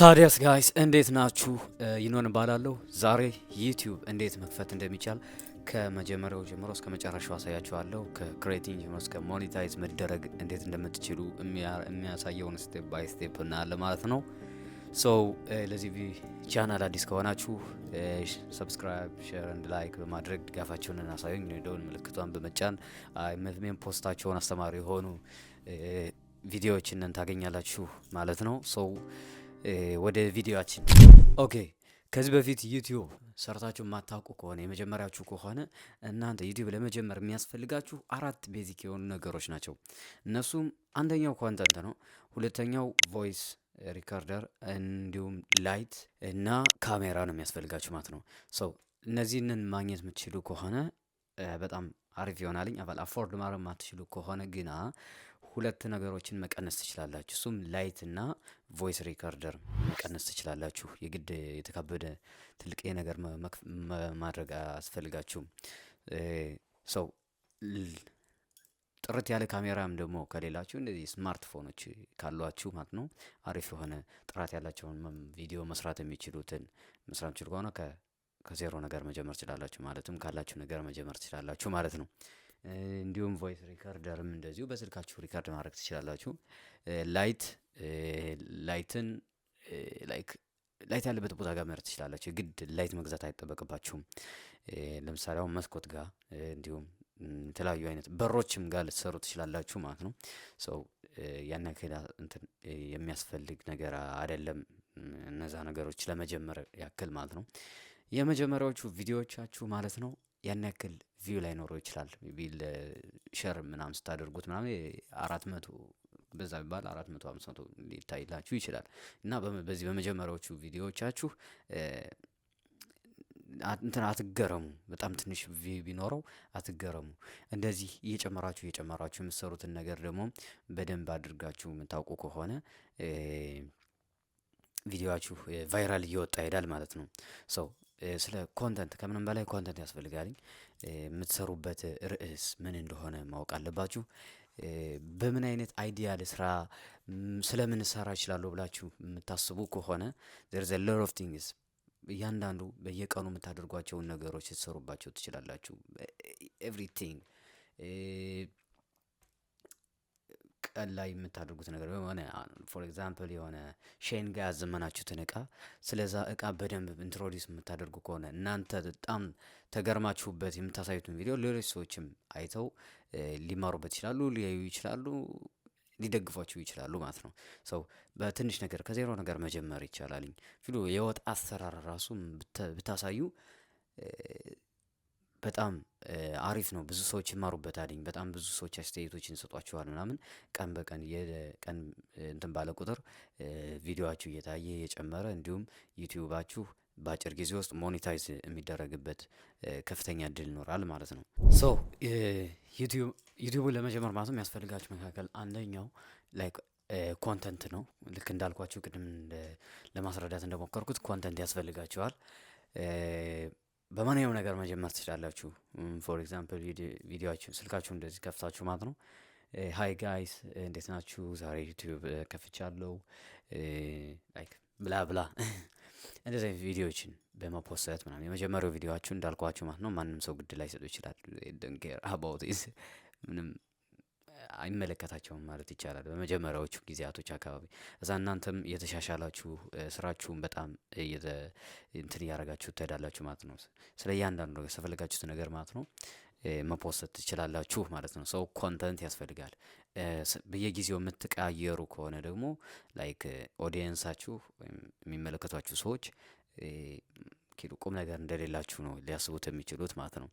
ታዲያስ ጋይስ እንዴት ናችሁ? ይኖን እባላለሁ። ዛሬ ዩቲዩብ እንዴት መክፈት እንደሚቻል ከመጀመሪያው ጀምሮ እስከ መጨረሻው አሳያችኋለሁ። ከክሬቲንግ ጀምሮ እስከ ሞኔታይዝ መደረግ እንዴት እንደምትችሉ የሚያሳየውን ስቴፕ ባይ ስቴፕ እናያለን ማለት ነው። ሶ ለዚህ ቻናል አዲስ ከሆናችሁ ሰብስክራይብ፣ ሼር እንድ ላይክ በማድረግ ድጋፋቸውን እናሳዩኝ። ደውን ምልክቷን በመጫን ሜን ፖስታቸውን አስተማሪ የሆኑ ቪዲዮዎችን ታገኛላችሁ ማለት ነው። ወደ ቪዲዮችን ኦኬ። ከዚህ በፊት ዩቲዩብ ሰርታችሁ የማታውቁ ከሆነ የመጀመሪያችሁ ከሆነ እናንተ ዩቲዩብ ለመጀመር የሚያስፈልጋችሁ አራት ቤዚክ የሆኑ ነገሮች ናቸው። እነሱም አንደኛው ኮንተንት ነው። ሁለተኛው ቮይስ ሪከርደር እንዲሁም ላይት እና ካሜራ ነው የሚያስፈልጋችሁ ማለት ነው። ሰው እነዚህንን ማግኘት የምትችሉ ከሆነ በጣም አሪፍ ይሆናልኝ። አፎርድ ማድረግ የማትችሉ ከሆነ ግና ሁለት ነገሮችን መቀነስ ትችላላችሁ። እሱም ላይት እና ቮይስ ሪከርደር መቀነስ ትችላላችሁ። የግድ የተካበደ ትልቅ ነገር ማድረግ አያስፈልጋችሁም። ሰው ጥርት ያለ ካሜራም ደግሞ ከሌላችሁ እንደዚህ ስማርትፎኖች ካሏችሁ ማለት ነው አሪፍ የሆነ ጥራት ያላቸውን ቪዲዮ መስራት የሚችሉትን መስራት የሚችሉ ከሆነ ከዜሮ ነገር መጀመር ትችላላችሁ። ማለትም ካላችሁ ነገር መጀመር ትችላላችሁ ማለት ነው። እንዲሁም ቮይስ ሪከርደርም እንደዚሁ በስልካችሁ ሪከርድ ማድረግ ትችላላችሁ። ላይት ላይትን ላይክ ላይት ያለበት ቦታ ጋር መረት ትችላላችሁ። ግድ ላይት መግዛት አይጠበቅባችሁም። ለምሳሌ አሁን መስኮት ጋር እንዲሁም የተለያዩ አይነት በሮችም ጋር ልትሰሩ ትችላላችሁ ማለት ነው። ሰው ያን ያክል እንትን የሚያስፈልግ ነገር አይደለም። እነዛ ነገሮች ለመጀመር ያክል ማለት ነው። የመጀመሪያዎቹ ቪዲዮዎቻችሁ ማለት ነው ያን ያክል ቪው ላይኖረው ይችላል። ቢል ሸር ምናምን ስታደርጉት ምናምን አራት መቶ በዛ ቢባል አራት መቶ አምስት መቶ ሊታይላችሁ ይችላል እና በዚህ በመጀመሪያዎቹ ቪዲዮዎቻችሁ እንትን አትገረሙ። በጣም ትንሽ ቪው ቢኖረው አትገረሙ። እንደዚህ እየጨመራችሁ እየጨመራችሁ የምትሰሩትን ነገር ደግሞ በደንብ አድርጋችሁ የምታውቁ ከሆነ ቪዲዮችሁ ቫይራል እየወጣ ይሄዳል ማለት ነው ሰው ስለ ኮንተንት ከምንም በላይ ኮንተንት ያስፈልጋልኝ። የምትሰሩበት ርዕስ ምን እንደሆነ ማወቅ አለባችሁ። በምን አይነት አይዲያ ልስራ፣ ስለምን ሰራ ይችላሉ ብላችሁ የምታስቡ ከሆነ ዘርዘ ሎር ኦፍ ቲንግስ እያንዳንዱ በየቀኑ የምታደርጓቸውን ነገሮች ልትሰሩባቸው ትችላላችሁ። ኤቭሪቲንግ ቀን ላይ የምታደርጉት ነገር የሆነ ፎር ኤግዛምፕል የሆነ ሼን ጋር ያዘመናችሁትን እቃ ስለዛ እቃ በደንብ ኢንትሮዲስ የምታደርጉ ከሆነ እናንተ በጣም ተገርማችሁበት የምታሳዩትን ቪዲዮ ሌሎች ሰዎችም አይተው ሊማሩበት ይችላሉ፣ ሊያዩ ይችላሉ፣ ሊደግፏችሁ ይችላሉ ማለት ነው። ሰው በትንሽ ነገር ከዜሮ ነገር መጀመር ይቻላልኝ ቪዲዮ የወጥ አሰራር ራሱ ብታሳዩ በጣም አሪፍ ነው። ብዙ ሰዎች ይማሩበታል። በጣም ብዙ ሰዎች አስተያየቶችን ይሰጧችኋል ምናምን ቀን በቀን የቀን እንትን ባለ ቁጥር ቪዲዮችሁ እየታየ እየጨመረ እንዲሁም ዩቲዩባችሁ በአጭር ጊዜ ውስጥ ሞኔታይዝ የሚደረግበት ከፍተኛ እድል ይኖራል ማለት ነው። ሶ ለመጀመር ማለት የሚያስፈልጋችሁ መካከል አንደኛው ላይክ ኮንተንት ነው። ልክ እንዳልኳችሁ ቅድም ለማስረዳት እንደሞከርኩት ኮንተንት ያስፈልጋችኋል። በማንኛውም ነገር መጀመር ትችላላችሁ። ፎር ኤግዛምፕል ቪዲዮችሁ ስልካችሁ እንደዚህ ከፍታችሁ ማለት ነው። ሀይ ጋይስ እንዴት ናችሁ? ዛሬ ዩቲዩብ ከፍቻለሁ ላይክ ብላ ብላ እንደዚህ አይነት ቪዲዮዎችን በመፖሰት ምናምን የመጀመሪያው ቪዲዮችሁ እንዳልኳችሁ ማለት ነው ማንም ሰው ግድ ላይ ሰጡ ይችላል። ምንም አይመለከታቸውም ማለት ይቻላል። በመጀመሪያዎቹ ጊዜያቶች አካባቢ እዛ እናንተም የተሻሻላችሁ ስራችሁን በጣም እንትን እያደረጋችሁ ትሄዳላችሁ ማለት ነው። ስለ እያንዳንዱ ነገር ስለፈለጋችሁት ነገር ማለት ነው መፖሰት ትችላላችሁ ማለት ነው። ሰው ኮንተንት ያስፈልጋል። በየጊዜው የምትቀያየሩ ከሆነ ደግሞ ላይክ ኦዲየንሳችሁ ወይም የሚመለከቷችሁ ሰዎች ቁም ነገር እንደሌላችሁ ነው ሊያስቡት የሚችሉት ማለት ነው።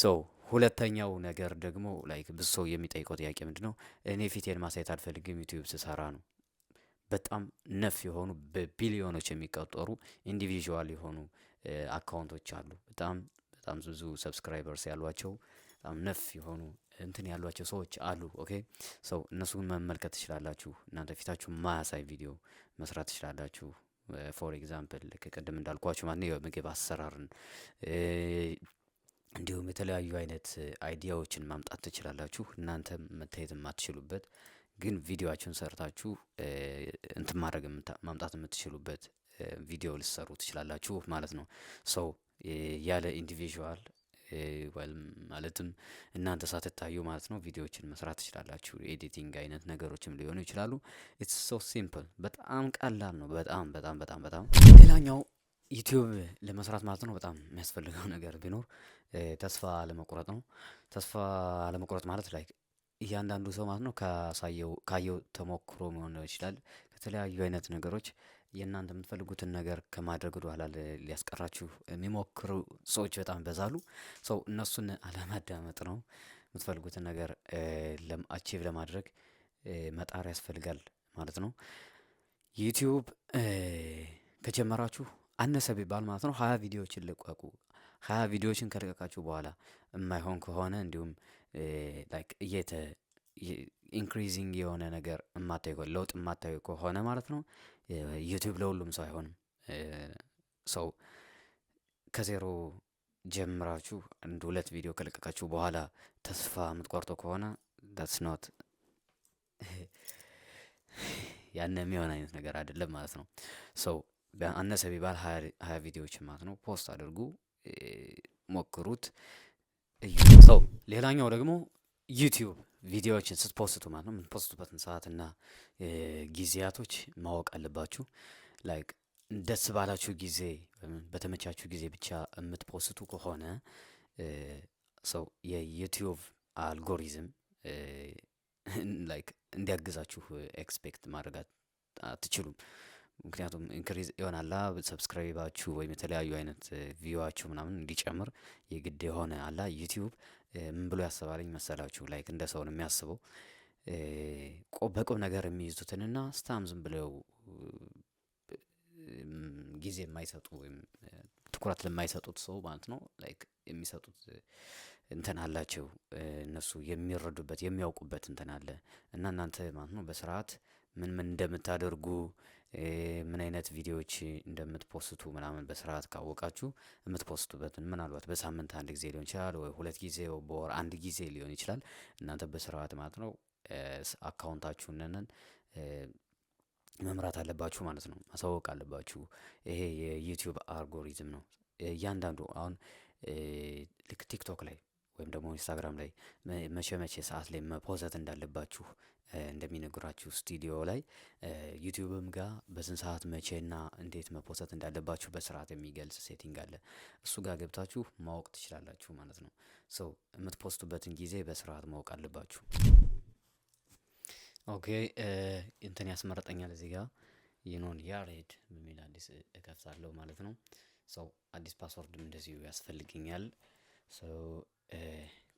ሶ ሁለተኛው ነገር ደግሞ ላይክ ብዙ ሰው የሚጠይቀው ጥያቄ ምንድ ነው? እኔ ፊቴን ማሳየት አልፈልግም ዩቲዩብ ስሰራ ነው። በጣም ነፍ የሆኑ በቢሊዮኖች የሚቆጠሩ ኢንዲቪዥዋል የሆኑ አካውንቶች አሉ። በጣም በጣም ብዙ ሰብስክራይበርስ ያሏቸው በጣም ነፍ የሆኑ እንትን ያሏቸው ሰዎች አሉ። ኦኬ ሰው እነሱን መመልከት ትችላላችሁ። እናንተ ፊታችሁ ማያሳይ ቪዲዮ መስራት ትችላላችሁ። ፎር ኤግዛምፕል ልክ ቅድም እንዳልኳችሁ ማለት ነው የምግብ አሰራርን እንዲሁም የተለያዩ አይነት አይዲያዎችን ማምጣት ትችላላችሁ እናንተም መታየት የማትችሉበት ግን ቪዲዮአችሁን ሰርታችሁ እንትን ማድረግ ማምጣት የምትችሉበት ቪዲዮ ልሰሩ ትችላላችሁ ማለት ነው። ሰው ያለ ኢንዲቪዥዋል ማለትም እናንተ ሳትታዩ ማለት ነው ቪዲዮዎችን መስራት ትችላላችሁ። ኤዲቲንግ አይነት ነገሮችም ሊሆኑ ይችላሉ። ኢትስ ሶ ሲምፕል፣ በጣም ቀላል ነው። በጣም በጣም በጣም በጣም ሌላኛው ዩቲዩብ ለመስራት ማለት ነው በጣም የሚያስፈልገው ነገር ቢኖር ተስፋ አለመቁረጥ ነው። ተስፋ አለመቁረጥ ማለት ላይ እያንዳንዱ ሰው ማለት ነው ካሳየው ካየው ተሞክሮ መሆን ይችላል። ከተለያዩ አይነት ነገሮች የእናንተ የምትፈልጉትን ነገር ከማድረግ ወደኋላ ሊያስቀራችሁ የሚሞክሩ ሰዎች በጣም ይበዛሉ። ሰው እነሱን አለማዳመጥ ነው። የምትፈልጉትን ነገር አቺቭ ለማድረግ መጣር ያስፈልጋል ማለት ነው። ዩቲዩብ ከጀመራችሁ አነሰ ቢባል ማለት ነው ሀያ ቪዲዮዎችን ልቀቁ። ሀያ ቪዲዮዎችን ከለቀቃችሁ በኋላ የማይሆን ከሆነ እንዲሁም እየተ ኢንክሪዚንግ የሆነ ነገር የማታዩ ለውጥ የማታዩ ከሆነ ማለት ነው ዩቲዩብ ለሁሉም ሰው አይሆንም። ሰው ከዜሮ ጀምራችሁ አንድ ሁለት ቪዲዮ ከለቀቃችሁ በኋላ ተስፋ የምትቆርጦ ከሆነ ዳትስ ኖት ያን የሚሆን አይነት ነገር አይደለም ማለት ነው ሰው አነሰ ቢባል ሀያ ቪዲዮዎች ማለት ነው ፖስት አድርጉ፣ ሞክሩት። ሰው ሌላኛው ደግሞ ዩቲዩብ ቪዲዮዎችን ስትፖስቱ ማለት ነው የምትፖስቱበትን ሰዓትና ጊዜያቶች ማወቅ አለባችሁ። ላይክ ደስ ባላችሁ ጊዜ በተመቻችሁ ጊዜ ብቻ የምትፖስቱ ከሆነ ሰው የዩቲዩብ አልጎሪዝም ላይክ እንዲያግዛችሁ ኤክስፔክት ማድረግ አትችሉም። ምክንያቱም ኢንክሪዝ ይሆናላ ሰብስክራይባችሁ ወይም የተለያዩ አይነት ቪዋችሁ ምናምን እንዲጨምር የግድ የሆነ አላ ዩቲዩብ ምን ብሎ ያስባለኝ መሰላችሁ? ላይክ እንደ ሰውን የሚያስበው በቁም ነገር የሚይዙትንና ስታም ዝም ብለው ጊዜ የማይሰጡ ወይም ትኩረት ለማይሰጡት ሰው ማለት ነው ላይክ የሚሰጡት እንትን አላቸው እነሱ የሚረዱበት የሚያውቁበት እንትን አለ እና እናንተ ማለት ነው በስርዓት ምን ምን እንደምታደርጉ ምን አይነት ቪዲዮዎች እንደምትፖስቱ ምናምን በስርዓት ካወቃችሁ የምትፖስቱበትን ምናልባት በሳምንት አንድ ጊዜ ሊሆን ይችላል ወይ ሁለት ጊዜ በወር አንድ ጊዜ ሊሆን ይችላል። እናንተ በስርዓት ማለት ነው አካውንታችሁንን መምራት አለባችሁ ማለት ነው። ማሳወቅ አለባችሁ። ይሄ የዩቲዩብ አልጎሪዝም ነው። እያንዳንዱ አሁን ልክ ቲክቶክ ላይ ወይም ደግሞ ኢንስታግራም ላይ መቼ መቼ ሰዓት ላይ መፖዘት እንዳለባችሁ እንደሚነግራችሁ ስቱዲዮ ላይ ዩቲዩብም ጋር በስንት ሰዓት መቼና እንዴት መፖሰት እንዳለባችሁ በስርዓት የሚገልጽ ሴቲንግ አለ። እሱ ጋር ገብታችሁ ማወቅ ትችላላችሁ ማለት ነው። ሰው የምትፖስቱበትን ጊዜ በስርዓት ማወቅ አለባችሁ። ኦኬ እንትን ያስመረጠኛል እዚህ ጋር ይኖን ያሬድ በሚል አዲስ እከፍታለሁ ማለት ነው። ሰው አዲስ ፓስወርድም እንደዚሁ ያስፈልገኛል። ሰው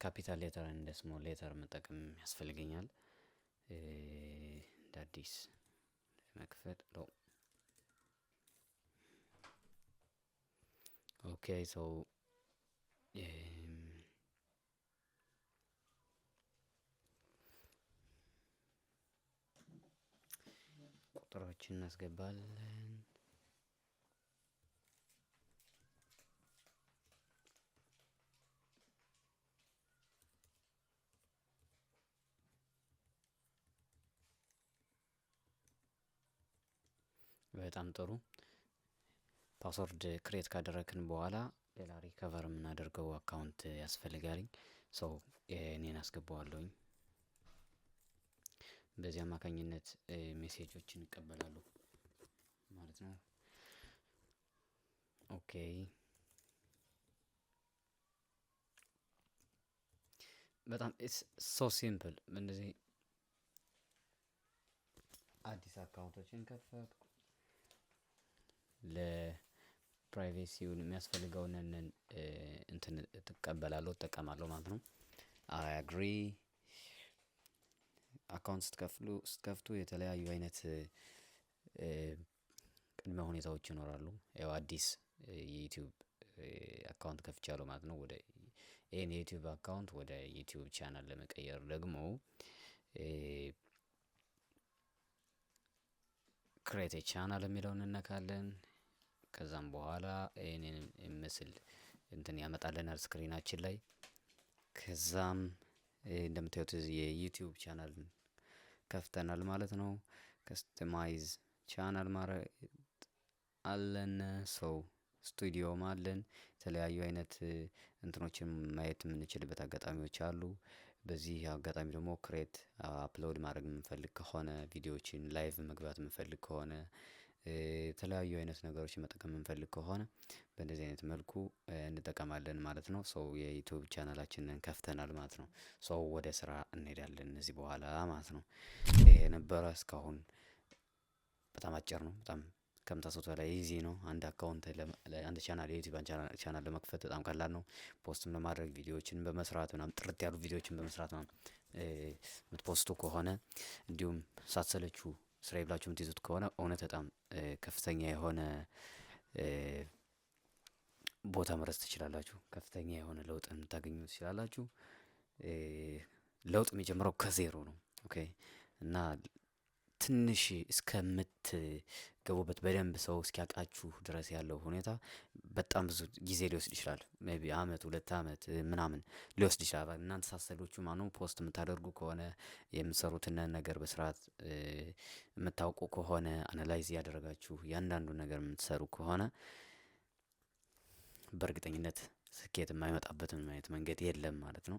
ካፒታል ሌተር እንደ ስሞል ሌተር መጠቀም ያስፈልገኛል። እንደ አዲስ መክፈት ሎ ኦኬ ሰው ቁጥሮችን እናስገባለን። በጣም ጥሩ ፓስወርድ ክሬት ካደረግን በኋላ ሌላ ሪከቨር የምናደርገው አካውንት ያስፈልጋልኝ ሰው እኔን አስገባዋለሁኝ በዚህ አማካኝነት ሜሴጆችን ይቀበላሉ ማለት ነው። ኦኬ በጣም ኢትስ ሶ ሲምፕል። እንደዚህ አዲስ አካውንቶችን ከፈት ፕራይቬሲውን የሚያስፈልገውንን እንትን እቀበላለሁ እጠቀማለሁ ማለት ነው። አይ አግሪ አካውንት ስትከፍሉ ስትከፍቱ የተለያዩ አይነት ቅድመ ሁኔታዎች ይኖራሉ ያው አዲስ የዩቲዩብ አካውንት ከፍቻለሁ ማለት ነው። ወደ ይህን የዩቲዩብ አካውንት ወደ ዩቲዩብ ቻናል ለመቀየር ደግሞ ክሬት ቻናል የሚለውን እነካለን። ከዛም በኋላ ይህንን ምስል እንትን ያመጣልናል ስክሪናችን ላይ። ከዛም እንደምታዩት የዩቲዩብ ቻናል ከፍተናል ማለት ነው። ከስተማይዝ ቻናል ማድረግ አለን ሰው ስቱዲዮም አለን። የተለያዩ አይነት እንትኖችን ማየት የምንችልበት አጋጣሚዎች አሉ። በዚህ አጋጣሚ ደግሞ ክሬት አፕሎድ ማድረግ የምንፈልግ ከሆነ ቪዲዮዎችን ላይቭ መግባት የምንፈልግ ከሆነ የተለያዩ አይነት ነገሮች መጠቀም የምንፈልግ ከሆነ በእንደዚህ አይነት መልኩ እንጠቀማለን ማለት ነው። ሰው የዩቱብ ቻናላችንን ከፍተናል ማለት ነው። ሰው ወደ ስራ እንሄዳለን እነዚህ በኋላ ማለት ነው። የነበረ እስካሁን በጣም አጭር ነው። በጣም ከምታስቡት በላይ ይዚ ነው። አንድ አካውንት አንድ ቻናል የዩቲዩብ ቻናል ለመክፈት በጣም ቀላል ነው። ፖስትም ለማድረግ ቪዲዮዎችን በመስራት ምናምን ጥርት ያሉ ቪዲዮዎችን በመስራት ምናምን የምትፖስቱ ከሆነ እንዲሁም ሳትሰለቹ ስራ ብላችሁ የምትይዙት ከሆነ እውነት በጣም ከፍተኛ የሆነ ቦታ መረስ ትችላላችሁ። ከፍተኛ የሆነ ለውጥ የምታገኙ ትችላላችሁ። ለውጥ የሚጀምረው ከዜሮ ነው። ኦኬ እና ትንሽ እስከምትገቡበት በደንብ ሰው እስኪያውቃችሁ ድረስ ያለው ሁኔታ በጣም ብዙ ጊዜ ሊወስድ ይችላል። ቢ አመት ሁለት አመት ምናምን ሊወስድ ይችላል። እናንተ ሳሰሎቹ ማኑ ፖስት የምታደርጉ ከሆነ የምትሰሩትን ነገር በስርዓት የምታውቁ ከሆነ አናላይዝ እያደረጋችሁ ያንዳንዱ ነገር የምትሰሩ ከሆነ በእርግጠኝነት ስኬት የማይመጣበትን አይነት መንገድ የለም ማለት ነው።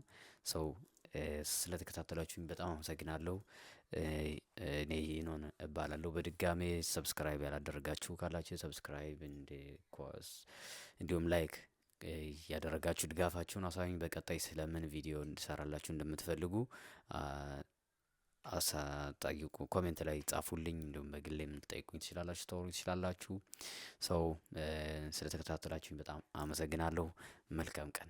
ሰው ስለተከታተላችሁኝ በጣም አመሰግናለሁ። እኔ ሄኖን እባላለሁ። በድጋሜ ሰብስክራይብ ያላደረጋችሁ ካላችሁ ሰብስክራይብ እንደ ኮስ እንዲሁም ላይክ ያደረጋችሁ ድጋፋችሁን አሳዩኝ። በቀጣይ ስለምን ቪዲዮ እንድሰራላችሁ እንደምትፈልጉ አሳ ኮሜንት ላይ ጻፉልኝ። እንዲሁም በግል የምትጠይቁኝ ትችላላችሁ፣ ተወሩ ትችላላችሁ። ሰው ስለተከታተላችሁኝ በጣም አመሰግናለሁ። መልካም ቀን